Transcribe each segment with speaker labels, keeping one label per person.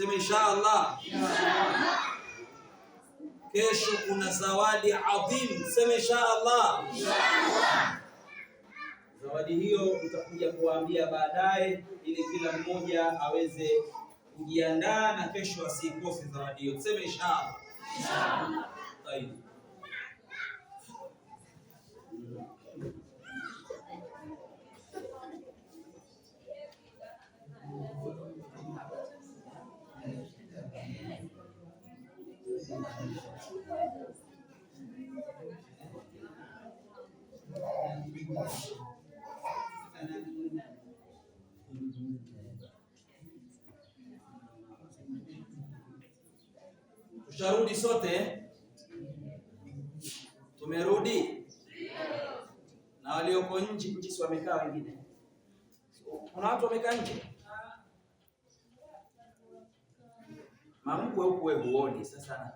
Speaker 1: Sema inshaallah. Kesho kuna zawadi adhim. Sema inshaallah. Zawadi hiyo utakuja kuambia baadaye, ili kila mmoja aweze kujiandaa na kesho asikose zawadi hiyo. Sema inshaallah.
Speaker 2: Inshaallah.
Speaker 1: Tusharudi sote, tumerudi na walioko nje nje, si wamekaa wengine? Kuna watu wamekaa nje, mamkwe huku we huoni sasa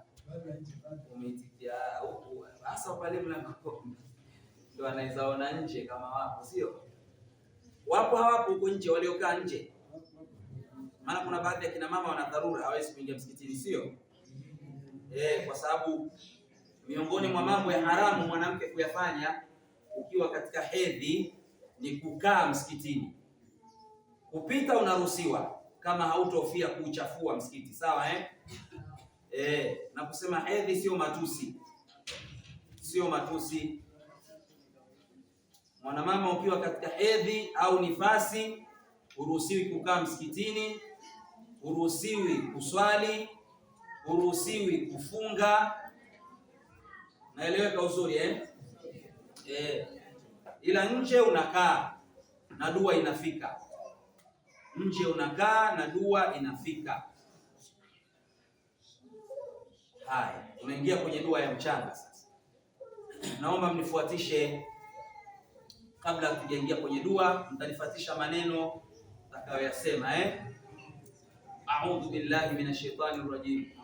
Speaker 1: umeitikia huku hasa pale mlango ndio anaweza ona nje kama wapo, sio wapo, hawapo huko nje waliokaa nje. Maana kuna baadhi ya kina mama wana dharura, hawezi kuingia msikitini, sio eh? Kwa sababu miongoni mwa mambo ya haramu mwanamke kuyafanya ukiwa katika hedhi ni kukaa msikitini. Kupita unaruhusiwa kama hautofia kuuchafua msikiti, sawa eh? eh, na kusema hedhi sio matusi, sio matusi. Mwanamama ukiwa katika hedhi au nifasi, huruhusiwi kukaa msikitini, huruhusiwi kuswali, huruhusiwi kufunga. Naeleweka uzuri eh? Eh, ila nje unakaa na dua inafika, nje unakaa na dua inafika. Haya, tunaingia kwenye dua ya mchana sasa. Naomba mnifuatishe kabla hatujaingia kwenye dua, mtanifuatisha maneno takayoyasema eh? A'udhu billahi minash shaitani rajim.